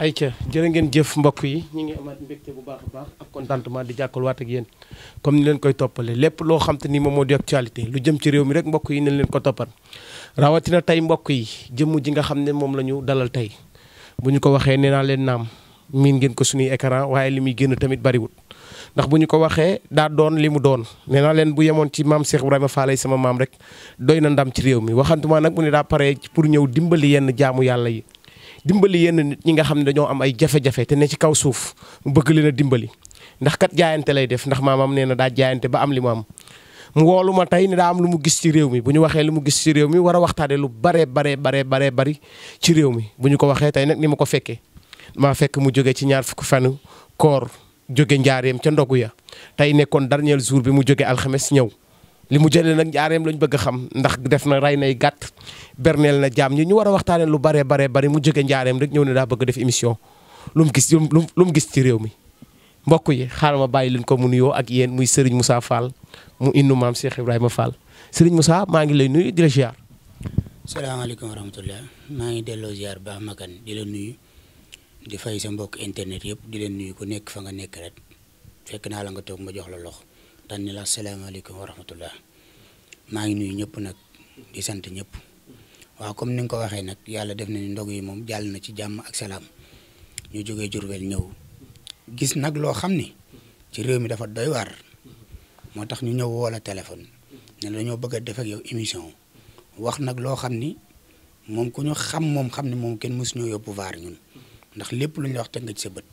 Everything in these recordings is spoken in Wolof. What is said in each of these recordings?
ay ca jërë ngeen jëf mbokk yi ñu ngi amaat mbégte bu baax a baax ak contentement di jàkkalwaat ak yéen comme ni leen koy toppale lépp loo xam ni moom moo di actualité lu jëm ci réew mi rek mbokk yi nañ leen ko toppat rawatina tey mbokk yi jëmm ji nga xam ne moom la ñu dalal tey bu ñu ko waxee nee naa leen naam miin ngeen ko suñuy écran waaye li muy génn tamit bariwul ndax bu ñu ko waxee daa doon li mu doon nee naa leen bu yemoon ci maam Cheikh Ibrahima Fall sama maam rek doy na ndam ci réew mi waxantuma nag mu daa pare pour ñëw dimbali yenn jaamu yàlla yi dimbali yenn nit ñi nga xam ne dañoo am ay jafe-jafe te ne ci kaw suuf mu bëgg leen a dimbali ndax kat jaayante lay def ndax maamam nee na daa jaayante ba am li mu am. mu woolu ma tey ne daa am lu mu gis ci réew mi bu ñu waxee lu mu gis ci réew mi war a waxtaanee lu bare bare bare bare bari ci réew mi bu ñu ko waxee tey nag ni ma ko fekkee maa fekk mu jóge ci ñaar fukki fanu koor jóge njaareem ca ndogu ya tey nekkoon dernier jour bi mu jóge alxames ñëw. li mu jëlee nag njaareem lañ bëgg a xam ndax def na ray nay gàtt berneel na jaam ñi ñu war a waxtaanee lu bare bare bari mu jóge njaareem rek ñëw ne daa bëgg def émission lu mu gis lu mu gis ci réew mi. mbokk yi xaaral ma bàyyi leen ko mu nuyoo ak yéen muy Serigne Moussa Fall mu innu maam Cheikh Ibrahima Fall Serigne Moussa maa ngi lay nuyu di la ziar. salaamaaleykum wa rahmatulah maa ngi delloo ziar baa makan di la nuyu di fay sa mbokk internet yëpp di leen nuy ku nekk fa nga nekk rek naa la nga toog ma jox la loxo. tan ni la asalaamaaleykum maa ngi nuyu ñëpp nag di sant ñëpp waaw comme ni nga ko waxee nag yàlla def na ni ndog yi moom jàll na ci jàmm ak salaam ñu jógee Jurbel ñëw gis nag loo xam ni ci réew mi dafa doy waar moo tax ñu ñëw woo la téléphone ne dañoo bëgg a def yow émission wax nag loo xam ni moom ku ñu xam moom xam ne moom kenn mësuñoo yóbbu vaar ñun ndax lépp lu ñu la wax teg nga ci sa bët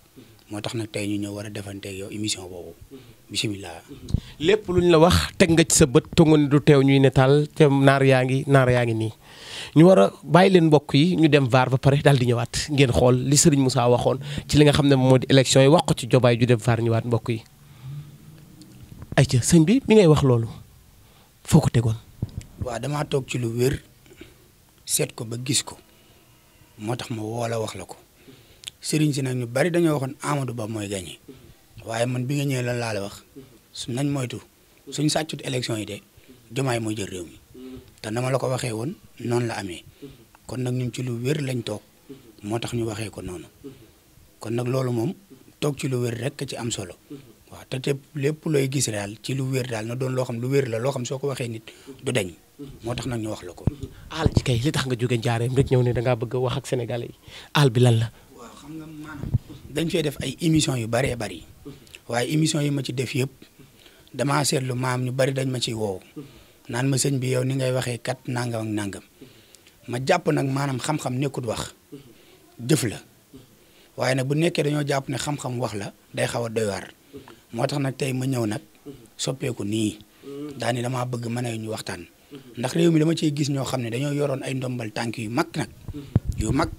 moo tax nag tey ñu ñëw war a defanteeg yow émission boobu bisimilah. lépp luñ la wax teg nga ci sa bët tongu ne du teew ñuy netaal te naar yaa ngi naar yaa ngi nii. ñu war a bàyyi leen mbokk yi ñu dem vaar ba pare daal di ñëwaat ngeen xool li Serigne Moussa waxoon ci li nga xam ne moo di élection yi wax ko ci jobaay ju dem vaar ñëwaat mbokk yi. ayca sëñ bi mi ngay wax loolu foo ko tegoon. waaw dama toog ci lu wér seet ko ba gis ko moo tax ma woo la wax la ko sëriñ si nag ñu bari dañoo waxoon Amadou Ba mooy gagné. waaye man bi nga ñëwee lan laa la wax su nañ moytu suñ sàccut élection yi de jomaay mooy jël réew mi te na ma la ko waxee woon noonu la amee kon nag ñun ci lu wér lañ toog moo tax ñu waxee ko noonu kon nag loolu moom toog ci lu wér rek ci am solo waaw te te lépp looy gis daal ci lu wér daal na doon loo xam lu wér la loo xam soo ko waxee nit du dañ moo tax nag ñu wax la ko. aal ji kay li tax nga jóge njaareem rek ñëw ne da ngaa bëgg wax ak sénégalais yi bi lan la. xam nga maanaam dañ fee def ay émission yu bëree bari waaye émission yi ma ci def yëpp damaa seetlu maam ñu bari dañ ma ciy woow naan ma sëñ bi yow ni ngay waxee kat nangam ak nangam ma jàpp nag maanaam xam-xam nekkut wax jëf la waaye nag bu nekkee dañoo jàpp ne xam-xam wax la day xaw a doy moo tax nag tey ma ñëw nag soppeeku nii daani damaa bëgg mën a ñu waxtaan ndax réew mi dama ciy gis ñoo xam ne dañoo yoroon ay ndombal tànk yu mag nag yu mag.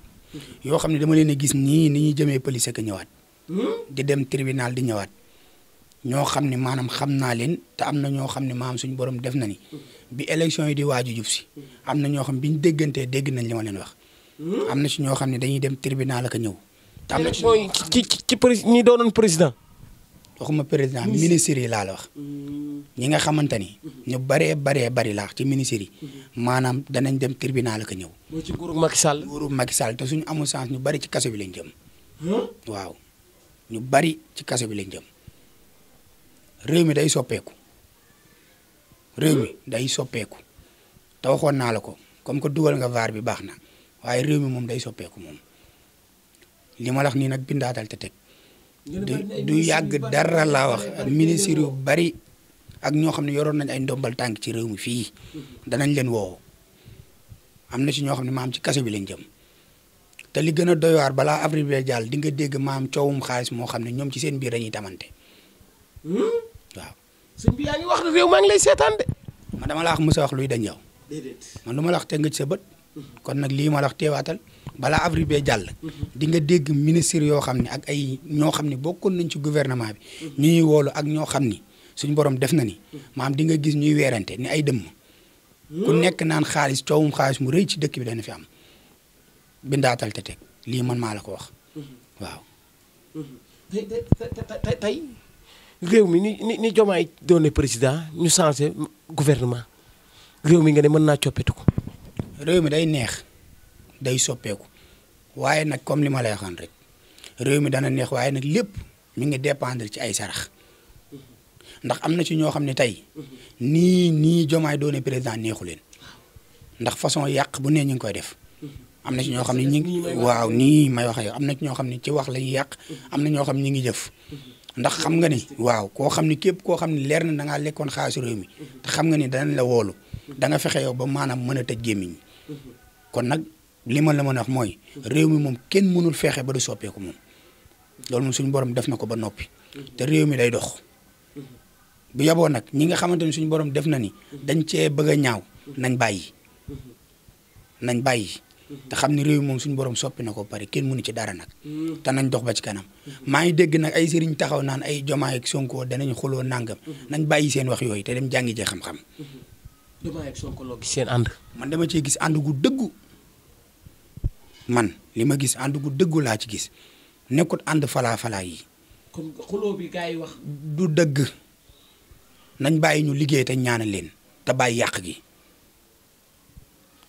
yoo xam ne dama leen a gis nii ni ñuy jëmee police ak ñëwaat. Hmm? di dem tribinal di ñëwaat. ñoo xam ne maanaam xam naa leen te am na ñoo xam ne maam suñu borom def na ni. Hmm. bi élection yi di waaju jub si. Hmm. am na ñoo xam bi ñu déggantee dégg nañ li leen wax. am na si ñoo xam ne dañuy dem tribunal ak ñëw. te am na ci ñi doonoon président. waxuma président ministre yi laa la wax. Mm. ñi nga xamante ni. ñu baree baree bari laax ci ministre yi. Mm-hmm. maanaam danañ dem tribunal ak a ñëw. mooy ci nguurug Macky Sall. nguurug suñu amul chance ñu bari ci kaso bi lañ jëm. Hmm? waaw ñu bari ci kaso bi lañ jëm. réew mi day soppeeku. réew mi hmm? day soppeeku. te waxoon naa la ko comme que dugal nga vaar bi baax na waaye réew mi moom day soppeeku moom li ma la nii nag bindaatal te teg. du yàgg dara laa wax ministre yu bari ak ñoo xam ne yoroon nañ ay ndombal tànk ci réew mi fii mm-hmm. danañ leen woo am na ci ñoo xam ne maam ci kaso bi lañ jëm te li gën a doy waar balaa avril bi jàll di nga dégg maam coowum xaalis moo xam ne ñoom ci seen biir dañuy tamante hmm? waaw. sëñ bi yaa ngi wax réew maa ngi lay seetaan de. man dama laa wax mos wax luy dañ yow. déedéet lu ma lax te teg ci sa bët. kon nag lii ma la wax teewaatal balaa avril bee jàll. di nga dégg ministre yoo xam ne ak ay ñoo xam ne bokkoon nañ ci gouvernement bi. ñuy woolu ak ñoo xam ni suñu borom def na ni. ma di nga gis ñuy weerante ni ay dëmm. ku nekk naan xaalis coowum xaalis mu rëy ci dëkk bi dana fi am. bindaatal te teg lii man maa la ko wax. waaw. tey tey tey réew mi ni ni ni Diomaye doone président ñu changé gouvernement réew mi nga ne mën naa coppeetu ko réew mi day neex day soppeeku waaye nag comme li ma lay waxoon rek réew mi dana neex waaye nag lépp mi ngi dépendre ci ay sarax ndax am na ci ñoo xam ne tey nii nii jomaay doone président neexu leen ndax façon yàq bu ne ñu ngi koy def am na ci ñoo xam ne ñu ngi waaw nii may wax am na ci ñoo xam ne ci wax lañuy yàq am na ñoo xam ne ñi ngi jëf ndax xam nga ni waaw koo xam ni képp koo xam ne leer na da ngaa lekkoon si réew mi te xam nga ni danañ la woolu da nga fexe yow ba maanaam mën a tëj gémmiñ kon nag li ma la mën a wax mooy réew mi moom kenn mënul feexe ba du soppeeku moom loolu moom suñ borom def na ko ba noppi te réew mi day dox bu yaboo nag ñi nga xamante ni suñu borom def na ni dañ cee bëgg a ñaaw nañ bàyyi nañ bàyyi te xam ni réew moom suñ borom soppi na ko pare kenn mënu ci dara nag te nañ dox ba ci kanam maa ngi dégg nag ay sëriñ taxaw naan ay jomaay ak Sonko danañ xuloo nangam nañ bàyyi seen wax yooyu te dem jàngi jee xam-xam Diomaye ak Sonko seen ànd. man dama cee gis ànd gu dëggu man li ma gis ànd gu dëggu laa ci gis nekkut ànd falaa falaa yi. kon xuloo du dëgg nañ bàyyi ñu liggéey te ñaana leen te bàyyi yàq gi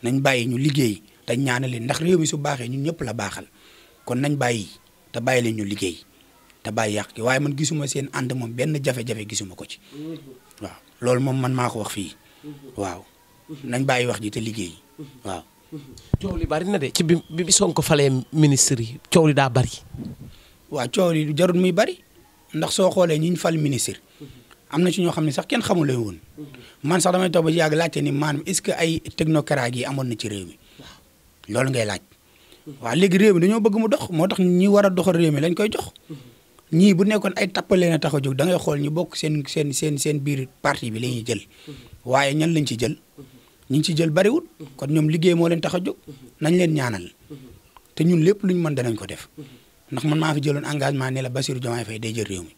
nañ bàyyi ñu liggéey te ñaanal leen ndax réew mi su baaxee ñu ñëpp la baaxal kon nañ bàyyi te bàyyi leen ñu liggéey te bàyyi yàq gi waaye man gisuma seen ànd moom benn jafe-jafe gisuma ko ci mhm. waaw loolu moom man maa ko wax fii. waaw nañ bàyyi wax ji te liggéey waaw. coow li bari na de ci bi bi Sonko falee ministre yi coow li daa bari. waa coow li jarul muy bari ndax soo xoolee ñi ñu fal ministre am na ci ñoo xam ne sax kenn xamul lay woon man sax damay toog ba ci yàgg laajte ni maanaam est-ce que ay technocrates yi amoon na ci réew mi loolu ngay laaj. waa léegi réew mi dañoo bëgg mu dox moo tax ñi war a doxal réew mi lañ koy jox. ñii bu nekkoon ay tappalee na tax a jóg dangay xool ñu bokk seen seen seen seen biir parti bi la ñuy jël waaye ñan lañ ci jël ñu ngi ci jël bariwul kon ñoom liggéey moo leen tax a jóg nañ leen ñaanal te ñun lépp lu ñu mën danañ ko def ndax man maa fi jëloon engagement ne la Bassirou Diomaye Faye day jël réew mi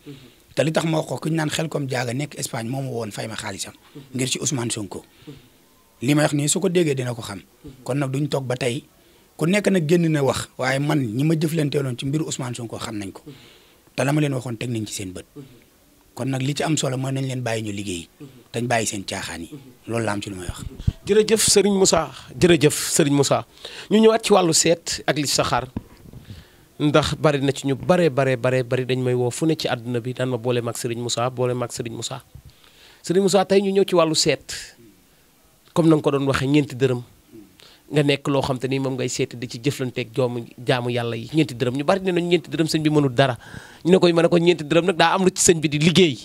te li tax ma wax ko ku ñu naan xel comme jaaga nekk Espagne moomu woon fay ma xaalisam ngir ci Ousmane Sonko li ma wax nii su ko déggee dina ko xam kon nag duñ toog ba tey ku nekk nag génn na wax waaye man ñi ma jëflanteeloon ci mbiru Ousmane Sonko xam nañ ko te la ma leen waxoon teg nañ ci seen bët kon nag li ci am solo mooy nañ leen bàyyi ñu liggéey dañ bàyyi seen caaxaan yi loolu la am ci lu may wax. jërëjëf Serigne Moussa jërëjëf Serigne Moussa ñu ñëwaat ci wàllu seet ak li saxaar ndax bari na ci ñu bare bare bare bari dañ may woo fu ne ci àdduna bi daan ma boole mag sëriñ musa boole mag sëriñ musa Serigne Moussa tey ñu ñëw ci wàllu seet comme na nga ko doon waxee ñeenti dërëm. nga nekk loo xam te ni moom ngay seet di ci jëflanteeg joomu jaamu yàlla yi ñeenti dërëm ñu bari ne nañu ñeenti dërëm sëñ bi mënul dara ñu ne ko mën ko ñeenti dërëm daa am lu bi di liggéey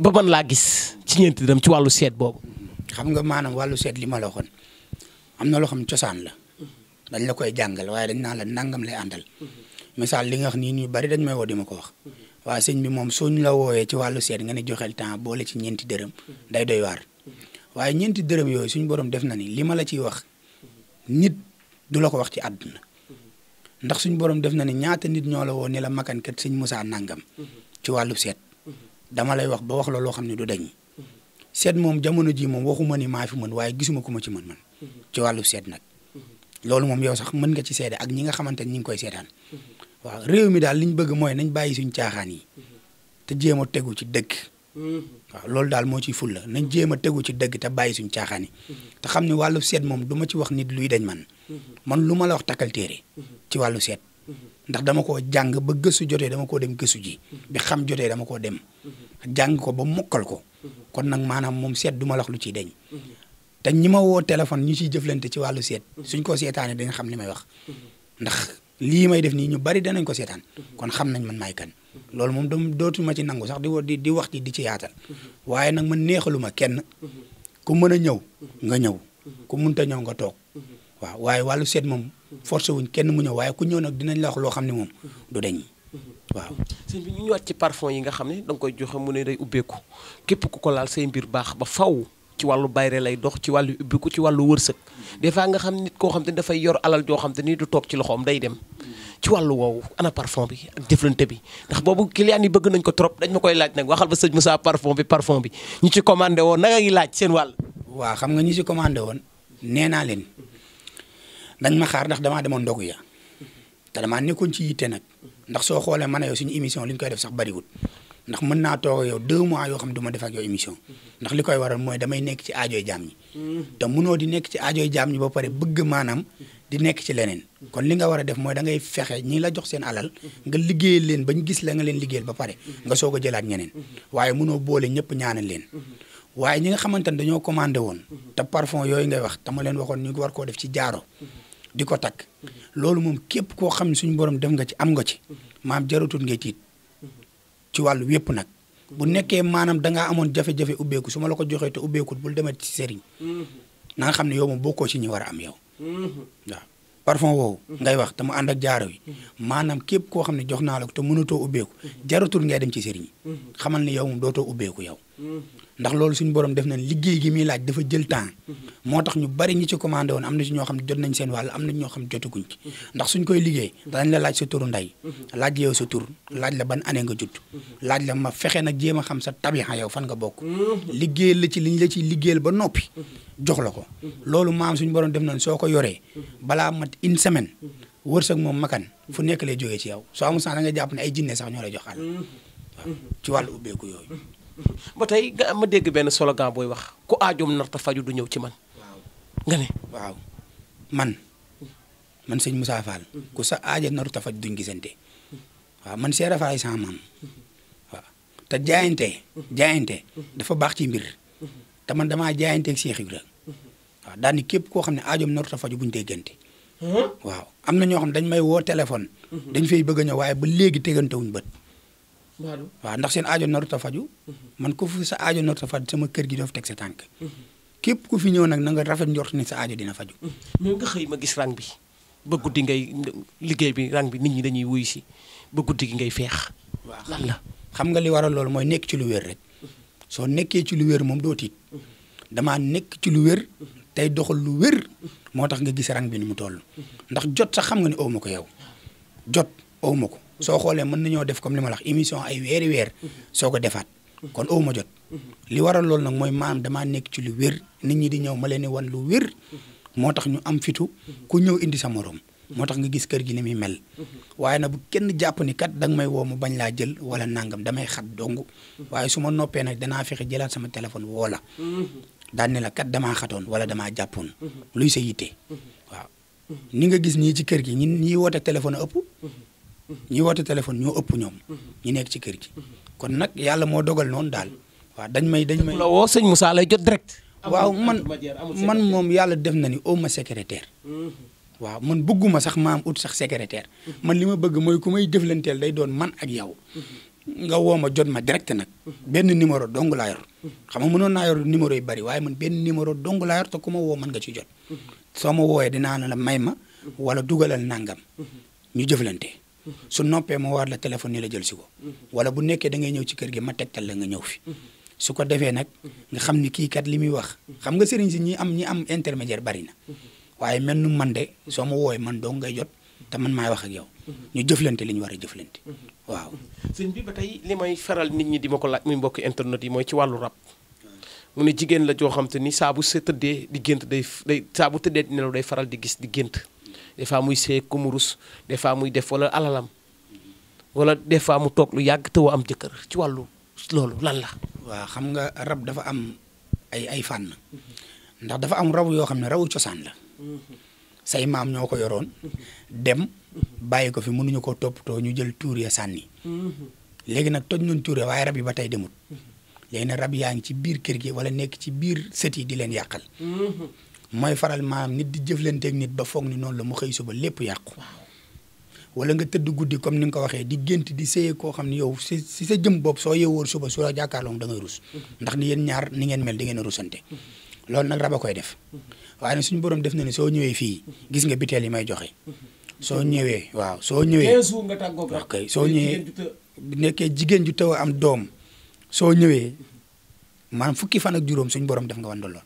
ba laa gis ci ñeenti dërëm ci wàllu seet boobu. xam nga maanaam wàllu seet li ma la waxoon am na loo xam cosaan la dañ la koy jàngal waaye dañ naan la nangam lay àndal misaal li nga wax nii bari dañ may woo di ko wax waaye sëñ bi moom suñ la wooyee ci wàllu seet nga ne joxel temps boole ci ñeenti dërëm day doy waar waaye ñeenti dërëm yooyu suñ borom def na ni li ma la ciy wax nit du la ko wax ci àdduna ndax suñ boroom def na ne ñaata nit ñoo la woo ni la makankat sëñ Moussa nangam ci wàllu seet dama lay wax ba wax la loo xam ne du dañ seet moom jamono ji moom waxuma ni maa fi mën waaye gisuma ku ma ci mën man ci wàllu seet nag loolu moom yow sax mën nga ci seede ak ñi nga xamante ni ñu ngi koy seetaan waaw réew mi daal li ñu bëgg mooy nañ bàyyi suñ caaxaan yi te jéem a tegu ci dëkk waaw loolu daal moo ciy la nañ jéem a tegu ci dëgg te bàyyi suñ caaxaan te xam ne wàllu seet moom duma ci wax nit luy dañ man man lu ma la wax takkal téere ci wàllu seet ndax dama ko jàng ba gëstu jotee dama koo dem gëstu ji xam jotee dama koo dem jàng ko ba mokkal ko kon nag maanaam moom seet duma la wax lu ciy deñ te ñi ma woo téléphone ñu ciy jëflante ci wàllu seet suñ ko seetaanee dañ xam ni may wax ndax lii may def nii ñu bari danañ ko seetaan kon xam nañ man maay kan loolu moom dam dootuma ci nangu sax di di di wax ci di ci yaatal waaye nag man neexaluma kenn ku mën a ñëw nga ñëw ku munta ñëw nga toog waaw waaye wàllu seet moom forcé wuñ kenn mu ñëw waaye ku ñëw nag dinañ la wax loo xam ne moom du deñ waaw sëñ bi ñu ñëwaat ci parfum yi nga xam ne da koy joxe mu ne day ubbeeku képp ku ko laal say mbir baax ba faw ci wàllu bayre lay dox ci wàllu ubbiku ci wàllu wërsëg des fois nga xam nit koo xam te dafay yor alal joo xam te ni du toog ci loxoom day dem ci wàllu woowu ana parfum bi ak jëflante bi ndax boobu client yi bëgg nañ ko trop dañ ma koy laaj nag waxal ba sëñ Moussa parfum bi parfum bi ñi ci commandé woon na nga laaj seen wàll. waa xam nga ñi ci commandé woon nee naa leen dañ ma xaar ndax damaa demoon ndogu ya te damaa nekkoon ci yitte nag ndax soo xoolee man a yow suñu émission li ñu koy def sax bariwul ndax mën naa toog yow deux mois yoo xam ne du def ak yow émission ndax li koy waral mooy damay nekk ci aajooy jaam ñi te munoo di nekk ci aajooy jaam ñi ba pare bëgg maanaam di nekk ci leneen kon li nga war a def mooy da ngay fexe ñi la jox seen alal nga liggéeyal leen bañ gis la nga leen liggéeyal ba pare nga soog a jëlaat ñeneen waaye munoo boole ñëpp ñaanal leen waaye ñi nga xamante ne dañoo commandé woon te parfum yooyu ngay wax tama leen waxoon ñu war koo def ci jaaro di ko takk loolu moom képp koo xam ne suñu borom def nga ci am nga ci maam jarutut ngay tiit ci wàllu yëpp nag bu nekkee maanaam dangaa amoon jafe-jafe ubbeeku su ma la ko joxee te ubbeekut bul demee ci sëriñ mm-hmm. na xam ne yow moom bokkoo ci ñi war am yow mm-hmm. waaw parfum woowu mm-hmm. ngay wax te mu ànd ak jaaro yi maanaam képp koo xam ne jox naa la ko te mënatoo ubbeeku jaratul ngay dem ci sëriñ xamal ne yow moom dootoo ubbeeku yow ndax loolu suñu borom def nañ liggéey gi muy laaj dafa jël temps moo tax ñu bari ñu ci commandé woon am na ci ñoo xam jot nañ seen wàll am na ñoo xam jotaguñ ci ndax suñ koy liggéey danañ la laaj sa turu ndey laaj sa tur laaj la ban année nga judd laaj la ma fexe nag jéem a xam sa tabixa yow fan nga bokk liggéeyal la ci liñ la ci liggéeyal ba noppi jox la ko loolu maam suñu borom def nañ soo ko yoree balaa mat une semaine wërsëg moom makan fu nekk lay jógee ci yow soo amul sax da nga jàpp ne ay jinne sax ñoo lay jox àll waaw ci wàllu ubbeeku yooyu ba tey nga ma dégg benn slogan booy wax ku aajoom narta faju du ñëw ci man. nga ne waaw man man sëñ Moussa Fall ku sa aajo narta faju duñ gisante waaw man seera faay sama maam te jaayante jaayante dafa baax ci mbir te man damaa jaayanteeg Cheikh Ibra waaw daal képp koo xam ne aajoom narta faju buñ déggante waaw am na ñoo xam dañ may woo téléphone dañ fay bëgg a ñëw waaye ba léegi tegante bët waaw ndax seen aajo narut a faju man ko fu sa aajo narut a faju sama kër gi doof teg sa tànk képp ku fi ñëw nag na nga rafet njort ni sa aajo dina faju mais nga xëy ma gis rang bi ba guddi ngay liggéey bi rang bi nit ñi dañuy wuyu si ba guddi gi ngay feex waaw lan la xam nga li waral loolu mooy nekk ci lu wér rek soo nekkee ci lu wér moom doo tiit damaa nekk ci lu wér tey doxal lu wér moo tax nga gis rang bi ni mu toll ndax jot sax xam nga ne aw ma ko yow jot aw ko soo xoolee mën nañoo def comme li ma la wax émission ay weeri weer soo ko defaat kon aw ma jot li war waral loolu nag mooy maanaam damaa nekk ci lu wér nit ñi di ñëw ma leen di wan lu wér moo tax ñu am fitu ku ñëw indi sa moroom moo tax nga gis kër gi ni muy mel waaye nag bu kenn jàpp ni kat danga may woo ma bañ laa jël wala nangam damay xat dong waaye su ma noppee nag danaa fexe jëlaat sama téléphone woo la daan ne la kat damaa xatoon wala damaa jàppoon luy sa yitte waaw ni nga gis nii ci kër gi ñi ñiy ñi woote téléphone ñoo ëpp ñoom ñi nekk ci kër gi kon nag yàlla moo dogal noonu daal waaw dañ may dañ may woo sëñ Moussa lay jot direct waaw man man moom yàlla def na ni au ma secrétaire mm-hmm. waaw man bëgguma sax maam ut sax secrétaire mm-hmm. man li ma bëgg mooy ku may jëflanteel day doon man ak yow mm-hmm. nga woo ma jot ma direct nag benn numéro dong laa yor xam nga mënoon naa yor numéro yu bari waaye man benn numéro dong laa yor ku ma woo mën nga ci jot soo ma wooyee dinaa na la may ma wala dugalal nangam ñu jëflante su noppee moo waar la téléphone ni la jël si ko wala bu nekkee da ngay ñëw ci kër gi ma tegtal la nga ñëw fi su ko defee nag nga xam ni kii kat li muy wax xam nga sëriñ si ñi am ñi am intermédiaire bari na waaye mel nu man de soo ma wooy man dong ngay jot te man maay wax ak yow ñu jëflante li ñu war a jëflante waaw sëñ bi ba tey li may faral nit ñi di ma ko laaj muy mbokki internet yi mooy ci wàllu rab mu ne jigéen la joo xam te ni saa bu sa tëddee di gént day day saa tëddee di day faral di gis di gént des fois muy see ku mu des fois muy def wala alalam wala des fois mu toog lu yàgg te woo am jëkkër ci wàllu loolu lan la. waaw xam nga rab dafa am ay ay fànn ndax dafa am rab yoo xam ne rawu cosaan la say maam ñoo ko yoroon dem bàyyi ko fi mënuñu ko toppatoo ñu jël tuur ya sànni léegi nag toj nañ tuur waaye rab yi ba tey demut léegi ne rab yaa ngi ci biir kër gi wala nekk ci biir sët yi di leen yàqal mooy faral maanaam nit di jëflanteeg nit ba foog ni noonu la mu xëy suba lépp yàqu. wala nga tëdd guddi comme ni nga ko waxee di gént di seeyee koo xam ne yow si si sa jëm bopp soo yeewoon suba su la jàkkaarloo da ngay ndax ni yéen ñaar ni ngeen mel di ngeen a rusante. loolu nag rab a koy def. waaye suñu borom def na ne soo ñëwee fii gis nga biteel yi may joxe. soo ñëwee waaw soo ñëwee. 15 jours nga tàggoog soo ñëwee nekkee jigéen ju taw am doom. soo ñëwee maanaam fukki fan ak juróom suñu borom def nga wan lool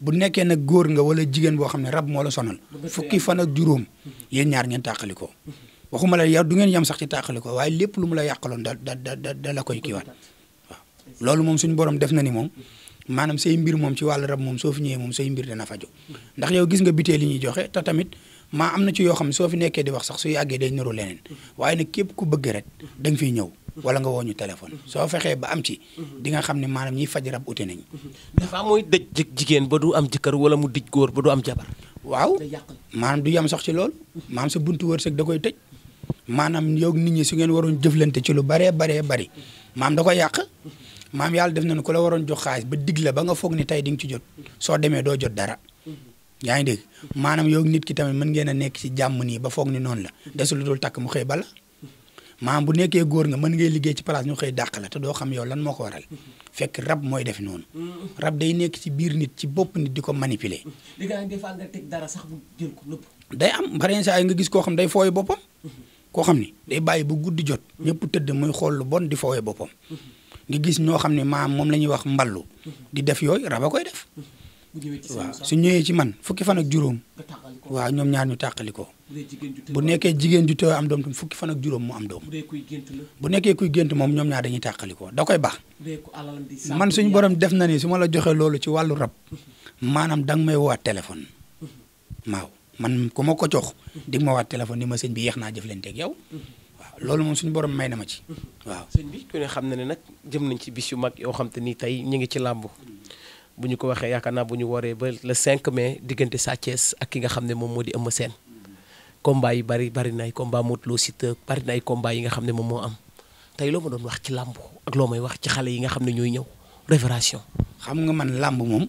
bu nekkee nag góor nga wala jigéen boo xam ne rab moo la sonal fukki fan ak juróom yéen ñaar ngeen tàqalikoo waxuma la yow du ngeen yam sax ci tàqalikoo waaye lépp lu mu la yàqaloon da da da da la koy kiiwaat waaw loolu moom suñ borom def na ni moom maanaam say mbir moom ci wàll rab moom soo fi ñëwee moom say mbir dana faju ndax yow gis nga bitee li ñuy joxe te tamit maa am na ci yoo xam ne soo fi nekkee di wax sax su àggee day niru leneen mm-hmm. waaye képp ku bëgg rek da fiy ñëw wala nga woo ñu téléphone. soo fexee ba am ci. di nga xam ne maanaam ñiy faj rab ute nañ. dafa mooy dëj jigéen ba du am jëkkër wala mu dëj góor ba du am jabar. waaw maanaam du yam sax ci loolu. maanaam sa buntu wërsëg da koy tëj. maanaam yow nit ñi su ngeen waroon jëflante ci lu baree baree bari maam da koy yàq. maam yàlla def nañu la waroon jox xaalis ba dig ba nga foog ni tey di nga ci jot soo demee doo jot dara yaa ngi dégg maanaam yow nit ki tamit mën ngeen a nekk ci jàmm nii ba foog ni noonu la desul dul takk mu xëy bala maam bu nekkee góor nga mën ngay liggéey ci place ñu xëy dàq la te doo xam yow lan moo ko waral fekk rab mooy def noonu rab day nekk ci biir nit ci bopp nit di ko manipuler dara sax day am bari yi nga gis koo xam ne day fooye boppam koo xam ne day bàyyi bu guddi jot ñépp tëdd muy xool lu bon di fooye boppam nga gis ñoo xam ne maam moom la ñuy wax mballu di def yooyu rab a koy def su ñëwee ci man fukki fan ak juróom waaw ñoom ñaar ñu tàqali ko bu nekkee jigéen ju teew am doom tam fukki fan ak juróom mu am doom bu nekkee kuy gént moom ñoom ñaar dañuy tàqalikoo da koy baax man suñu boroom def na ni su ma la joxee loolu ci wàllu rab maanaam danga may woowaat téléphone maaw man ku ma ko jox di nga ma waat téléphone ni ma seen bi yeex naa jëflanteeg yow waaw loolu moom suñu borom may na ma ci waaw sëñ bi ku ne xam na ne nag jëm nañ ci bis yu mag yoo xam te ni tey ñu ngi ci làmb bu ñu ko waxee yaakaar naa bu ñu waree ba le 5 mai diggante Sa ak ki nga xam ne moo di Eumeu Sène combat yi bari bari na ay combat Modou bari na ay combat yi nga xam ne moom moo am tey loo ma doon wax ci làmb ak loo may wax ci xale yi nga xam ne ñooy ñëw révélation xam nga man làmb moom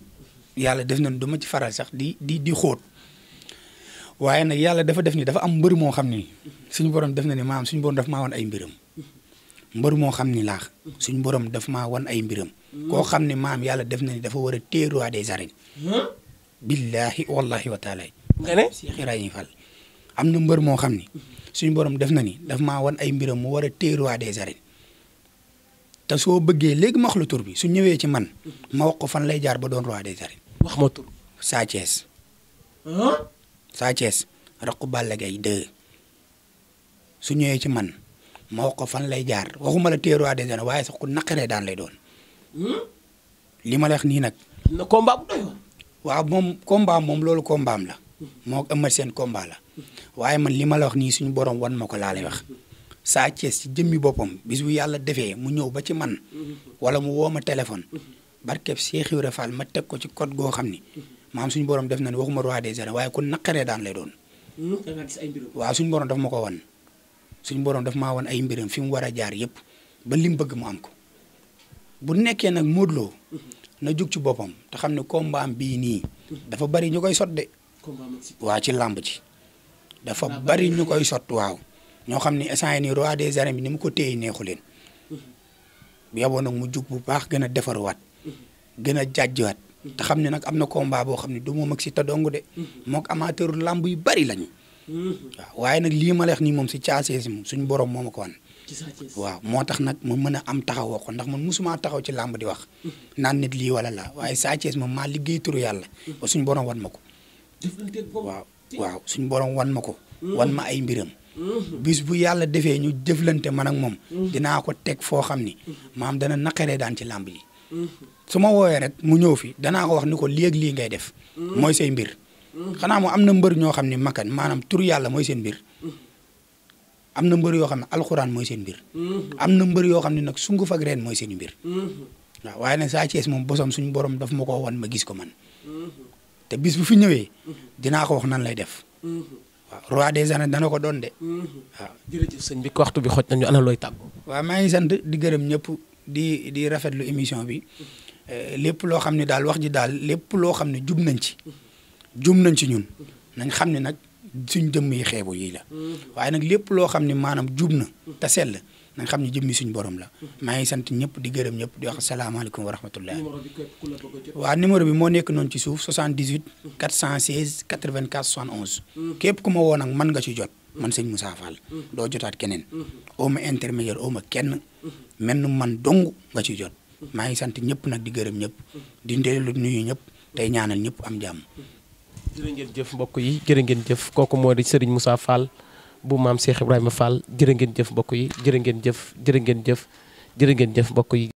yàlla def na du ma ci faral sax di di di xóot waaye nag yàlla dafa def ni dafa am mbër moo xam ni suñu borom def na ni maam suñu borom daf maa wan ay mbiram mbër moo xam ni laax suñu borom daf ma wan ay mbiram. koo xam ni maam yàlla def na ni dafa war a téye roi des arènes. billaahi wallaahi wa taala. am na mbër moo xam ni suñu boroom def na ni daf ma wan ay mbiram mu war a téye roi des arènes te soo bëggee léegi ma wax la tur bi su ñëwee ci man ma wax ko fan lay jaar doon roi des wax ma tur Sa Thiès. Sa su ñëwee ci man ma ko fan lay jaar waxuma la téye roi des arènes waaye sax ku naqaree daan lay doon. li ma la nii nag. na bu doy waaw moom combat moom loolu kombaam la. moo ëmmal seen combat la. waaye man li ma la wax nii suñu borom wan ma ko laa lay wax Sa Thiès ci jëmmi boppam bis bu yàlla defee mu ñëw ba ci man wala mu woo ma téléphone barkeb Cheikh Ibrahima Fall ma teg ko ci code goo xam ni maam suñu borom def na ne waxuma roi des arènes waaye ku naqaree daan lay doon. waaw suñu borom ma ko wan suñu borom daf ma wan ay mbiram fi mu war a jaar yëpp ba li mu bëgg mu am ko bu nekkee nag Modou Lo na jug ci boppam te xam ne combat am bii nii. dafa bari ñu koy sot de. waa ci làmb ci. dafa bari ñu koy sot waaw ñoo xam ne instant yii nii roi des arènes bi ni mu ko téye neexu leen mm-hmm. yaboo nag mu jug bu baax gën a defaruwaat mm-hmm. gën a jàjji jàjjiwaat mm-hmm. te xam ne nag am na komba boo xam ne du moom ak si ta dong de mook amateur làmb yu bari lañu waaw waaye nag lii ma leex nii moom si caasee si moom suñu borom moo ma ko wan waaw moo tax nag mu mën a am taxaw ko ndax man musuma taxaw ci làmb di wax naan nit lii wala laa waaye Sa Thiès moom maa liggéey t yàlla ba suñu borom wan ma ko waaw suñu borom wan ma ko. wan ma ay mbiram. bis bu yàlla defee ñu jëflante man ak moom. dinaa ko teg foo xam ni. maam dana naqaree daan ci làmb yi. su ma wooyee rek mu ñëw fi danaa ko wax ni ko lii ak lii ngay def. mooy say mbir. xanaa moom am na mbër ñoo xam ne makkan maanaam tur yàlla mooy seen mbir. am na mbër yoo xam ne alxuraan mooy seen mbir. am na mbër yoo xam ne nag sunguf ak reen mooy seen mbir. waaw waaye nag Sa Thiès moom bosom suñu borom daf ma ko wan ma gis ko man. te bis bu fi ñëwee mhm. dinaa ko wax nan lay def. Mhm. waaw rois des arènes dana ko doon de. Mhm. waaw sëñ bi waxtu bi xoj nañu ana looy tàggu. waaw maa ngi sant di gërëm ñëpp di di rafetlu émission bi eh, lépp loo xam ne daal wax ji daal lépp loo xam ne jub nañ ci. jub nañ ci ñun nañ xam ne nag suñ jëmm yi xeebu yii la waaye nag lépp loo xam ne maanaam jub na te sell nañ xam ne jëmmi suñu borom la maa ngi sant ñëpp di gërëm ñëpp di wax asalaamaaleykum wa rahmatullah waaw numéro bi moo nekk noonu ci suuf 78 416 84 71 képp ku ma woo nag man nga ci jot mm. man sëñ Moussa Fall mm. doo jotaat keneen oo mm. ma intermédiaire oo ma kenn mel nu man dong nga ci jot maa ngi sant ñëpp nag di gërëm ñëpp di lu nuyu ñëpp tey ñaanal ñëpp am jàmm jërë ngeen mbokk yi jërë ngeen jëf kooku moo di Serigne Moussa bu maam Cheikh Ibrahima Fall jërë ngeen jëf mbokk yi jërë ngeen jëf jërë ngeen jëf jërë ngeen jëf mbokk yi